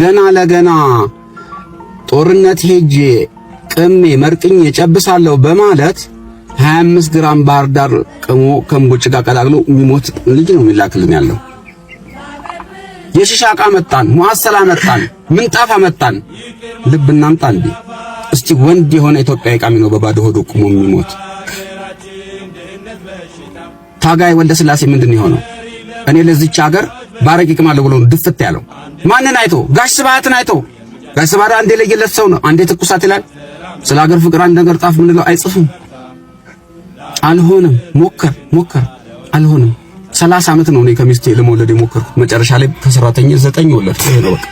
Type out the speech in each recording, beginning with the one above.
ገና ለገና ጦርነት ሄጄ ቅሜ መርቅኝ ጨብሳለሁ በማለት 25 ግራም ባህር ዳር ቅሞ ከምቦጭ ጋር ቀላቅሎ የሚሞት ልጅ ነው የሚላክልን ያለው። የሽሻ ዕቃ መጣን፣ ሙአሰላ መጣን፣ ምንጣፍ አመጣን። ልብ እናምጣ እንዴ! እስቲ ወንድ የሆነ ኢትዮጵያዊ ቃሚ ነው በባዶ ሆዶ ቁሞ የሚሞት ታጋይ ወልደ ስላሴ ምንድን የሆነው? እኔ ለዚች ሀገር ባረግ ይቅማለሁ ብሎ ድፍት ያለው ማንን አይቶ? ጋሽ ስብሃትን አይቶ። ጋሽ ስብሃት አንዴ ለየለት ሰው ነው፣ አንዴ ትኩሳት ይላል። ስለ አገር ፍቅር አንድ ነገር ጣፍ ምንለው አይጽፍም። አልሆነም። ሞከር ሞከር፣ አልሆነም። ሰላሳ ዓመት ነው እኔ ከሚስቴ ለመውለድ የሞከርኩት። መጨረሻ ላይ ከሰራተኛ ዘጠኝ ወለድኩ። ይሄ ነው በቃ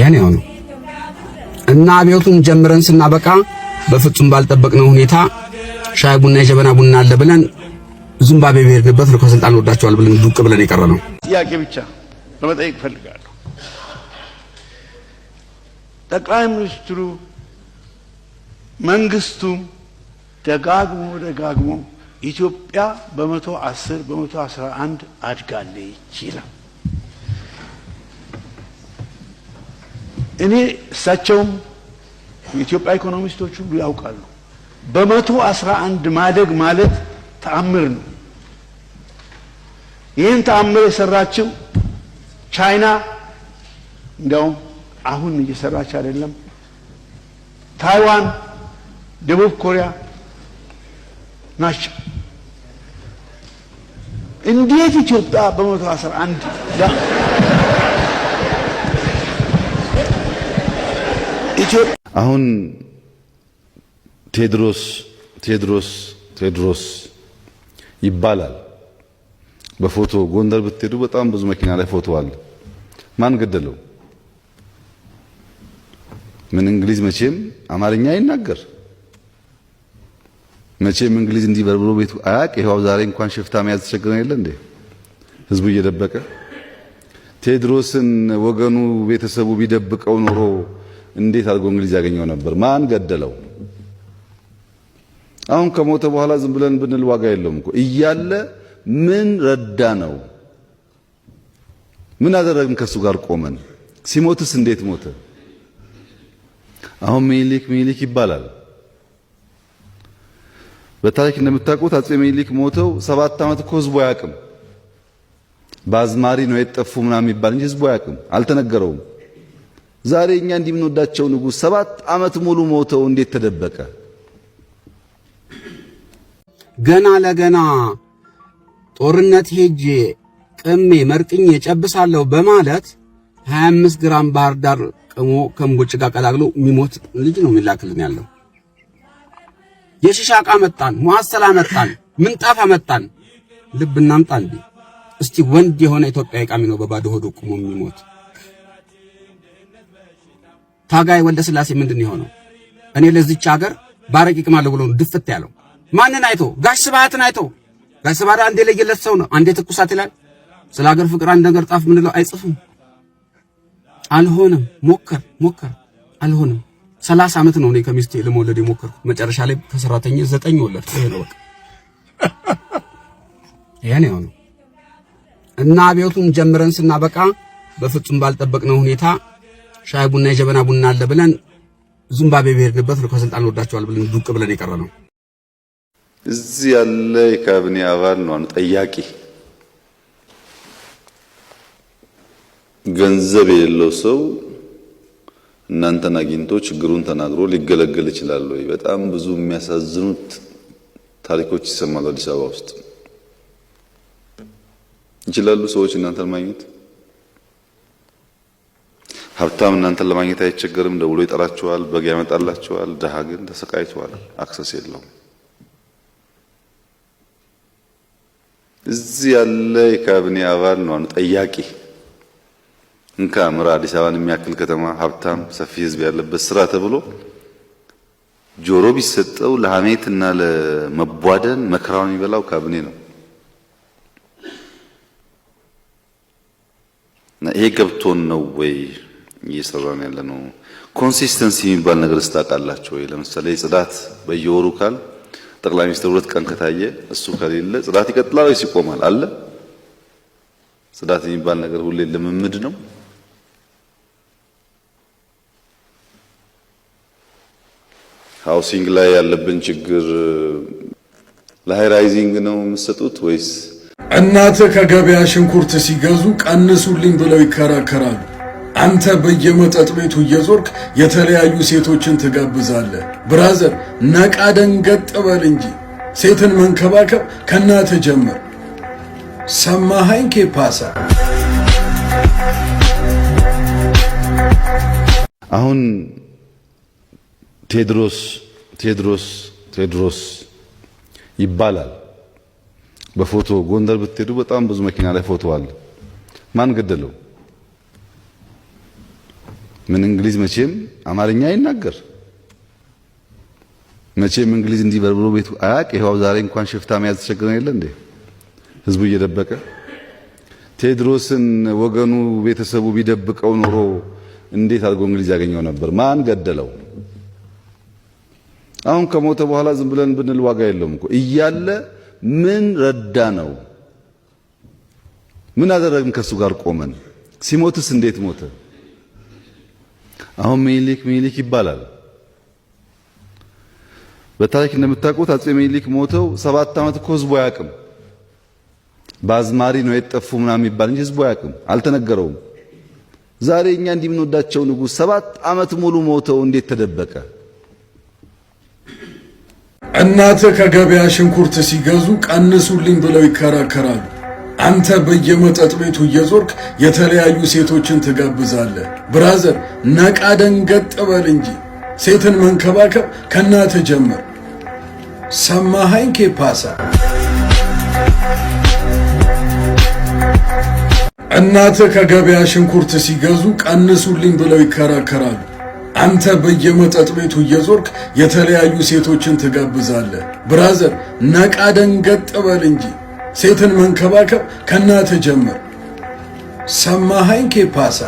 ያኔ ነው እና አብዮቱን ጀምረን ስናበቃ በፍጹም ባልጠበቅነው ሁኔታ ሻይ ቡና የጀበና ቡና አለ ብለን ዚምባብዌ በሄድንበት ነው ከስልጣን ወዳቸዋል ብለን ዱቅ ብለን የቀረ ነው። ጥያቄ ብቻ ለመጠየቅ እፈልጋለሁ። ጠቅላይ ሚኒስትሩ መንግስቱም ደጋግሞ ደጋግሞ ኢትዮጵያ በመቶ አስር በመቶ አስራ አንድ አድጋለች ይላል። እኔ እሳቸውም የኢትዮጵያ ኢኮኖሚስቶች ሁሉ ያውቃሉ። በመቶ አስራ አንድ ማደግ ማለት ተአምር ነው። ይህን ተአምር የሰራችው ቻይና እንዲያውም አሁን እየሰራች አይደለም። ታይዋን፣ ደቡብ ኮሪያ ናቸው። እንዴት ኢትዮጵያ በመቶ አስራ አንድ አሁን ቴድሮስ ቴድሮስ ቴድሮስ ይባላል። በፎቶ ጎንደር ብትሄዱ በጣም ብዙ መኪና ላይ ፎቶ አለ። ማን ገደለው? ምን እንግሊዝ መቼም አማርኛ ይናገር መቼም እንግሊዝ እንዲህ በርብሮ ቤቱ አያቅ። ይኸው ዛሬ እንኳን ሽፍታ መያዝ ተቸግረን የለ እንዴ? ህዝቡ እየደበቀ ቴዎድሮስን ወገኑ ቤተሰቡ ቢደብቀው ኖሮ እንዴት አድርጎ እንግሊዝ ያገኘው ነበር? ማን ገደለው? አሁን ከሞተ በኋላ ዝም ብለን ብንል ዋጋ የለውም እኮ እያለ ምን ረዳ ነው? ምን አደረግን? ከሱ ጋር ቆመን። ሲሞትስ እንዴት ሞተ? አሁን ሚኒሊክ ሚኒሊክ ይባላል። በታሪክ እንደምታውቁት አጼ ሚኒሊክ ሞተው ሰባት ዓመት እኮ ህዝቡ አያውቅም። በአዝማሪ ነው የጠፉ ምናምን የሚባል እንጂ ህዝቡ አያውቅም፣ አልተነገረውም። ዛሬ እኛ እንዲህ የምንወዳቸው ንጉሥ ሰባት ዓመት ሙሉ ሞተው እንዴት ተደበቀ? ገና ለገና ጦርነት ሄጄ ቅሜ መርቅኜ ጨብሳለሁ በማለት 25 ግራም ባህር ዳር ቅሞ ከምቦጭ ጋር ቀላቅሎ የሚሞት ልጅ ነው የሚላክልን ያለው። የሺሻ መጣን፣ መዋሰላ መጣን፣ ምንጣፍ አመጣን። ልብ እናምጣ እንዴ! እስቲ ወንድ የሆነ ኢትዮጵያዊ ቃሚ ነው በባዶ ሆዶ ቁሞ የሚሞት ታጋይ ወልደ ስላሴ ምንድን የሆነው? እኔ ለዚች ሀገር ባረቂ ቅማለሁ ብሎ ድፍት ያለው ማንን አይቶ? ጋሽ ስብሃትን አይቶ ጋሽ አንዴ ለየለት ሰው ነው። አንዴ ትኩሳት ይላል። ስለ ሀገር ፍቅር አንድ ነገር ጣፍ ምንለው አይጽፍም። አልሆነም። ሞከር ሞከር አልሆነም። ሰላሳ ዓመት ነው እኔ ከሚስቴ ለመውለድ የሞከርኩት። መጨረሻ ላይ ከሰራተኛ ዘጠኝ ወለድ። ይሄ ነው በቃ ያኔ ነው እና አብዮቱን ጀምረን ስናበቃ በፍጹም ባልጠበቅነው ሁኔታ ሻይ ቡና የጀበና ቡና አለ ብለን ዙምባቤ ብሄድንበት ነው ከስልጣን ወዳቸዋል ብለን ዱቅ ብለን የቀረ ነው። እዚህ ያለ የካቢኔ አባል ነው ጠያቂ። ገንዘብ የሌለው ሰው እናንተን አግኝቶ ችግሩን ተናግሮ ሊገለገል ይችላል ወይ? በጣም ብዙ የሚያሳዝኑት ታሪኮች ይሰማሉ። አዲስ አበባ ውስጥ ይችላሉ ሰዎች እናንተን ማግኘት። ሀብታም እናንተን ለማግኘት አይቸገርም። ደውሎ ይጠራችኋል፣ በግ ያመጣላችኋል። ድሃ ግን ተሰቃይተዋል፣ አክሰስ የለውም። እዚህ ያለ የካቢኔ አባል ነው ጠያቂ እንካ ምራ አዲስ አበባን የሚያክል ከተማ ሀብታም ሰፊ ህዝብ ያለበት ስራ ተብሎ ጆሮ ቢሰጠው ለሀሜትና ለመቧደን መከራውን የሚበላው ካቢኔ ነው። ይሄ ገብቶን ነው ወይ እየሰራን ያለ ነው? ኮንሲስተንሲ የሚባል ነገር ስታውቃላችሁ ወይ? ለምሳሌ ጽዳት በየወሩ ካል ጠቅላይ ሚኒስትር ሁለት ቀን ከታየ እሱ ከሌለ ጽዳት ይቀጥላል ወይስ ይቆማል? አለ ጽዳት የሚባል ነገር ሁሌ ልምምድ ነው። ሃውሲንግ ላይ ያለብን ችግር ለሃይ ራይዚንግ ነው የምትሰጡት ወይስ እናተ ከገበያ ሽንኩርት ሲገዙ ቀንሱልኝ ብለው ይከራከራሉ። አንተ በየመጠጥ ቤቱ እየዞርክ የተለያዩ ሴቶችን ትጋብዛለህ። ብራዘር ነቃ ደንገጥ በል እንጂ ሴትን መንከባከብ ከእናትህ ጀምር። ሰማኸኝ ኬፓሳ? አሁን ቴድሮስ ቴድሮስ ቴድሮስ ይባላል። በፎቶ ጎንደር ብትሄዱ በጣም ብዙ መኪና ላይ ፎቶ አለ። ማን ገደለው? ምን እንግሊዝ መቼም አማርኛ አይናገር መቼም እንግሊዝ እንዲህ በርብሮ ቤቱ አያቅ። ይኸው ዛሬ እንኳን ሽፍታ መያዝ ተቸግረን የለ እንዴ? ህዝቡ እየደበቀ ቴዎድሮስን ወገኑ ቤተሰቡ ቢደብቀው ኖሮ እንዴት አድርጎ እንግሊዝ ያገኘው ነበር? ማን ገደለው? አሁን ከሞተ በኋላ ዝም ብለን ብንል ዋጋ የለውም እኮ እያለ ምን ረዳ ነው? ምን አደረግን? ከሱ ጋር ቆመን ሲሞትስ እንዴት ሞተ? አሁን ሚኒሊክ ሚኒሊክ ይባላል። በታሪክ እንደምታውቁት አጼ ሚኒሊክ ሞተው ሰባት ዓመት እኮ ህዝቡ አያውቅም። በአዝማሪ ነው የጠፉ ምናምን የሚባል እንጂ ህዝቡ አያውቅም፣ አልተነገረውም። ዛሬ እኛ እንዲህ የምንወዳቸው ንጉሥ ሰባት ዓመት ሙሉ ሞተው እንዴት ተደበቀ? እናተ ከገበያ ሽንኩርት ሲገዙ ቀንሱልኝ ብለው ይከራከራሉ። አንተ በየመጠጥ ቤቱ እየዞርክ የተለያዩ ሴቶችን ትጋብዛለህ። ብራዘር ነቃ ደንገጥ በል እንጂ ሴትን መንከባከብ ከእናተ ጀምር። ሰማኸኝ ኬፓሳ? እናትህ ከገበያ ሽንኩርት ሲገዙ ቀንሱልኝ ብለው ይከራከራሉ። አንተ በየመጠጥ ቤቱ እየዞርክ የተለያዩ ሴቶችን ትጋብዛለህ። ብራዘር ነቃ ደንገጥ በል እንጂ ሴትን መንከባከብ ከእናትህ ጀምር። ሰማኸኝ ኬፓሳ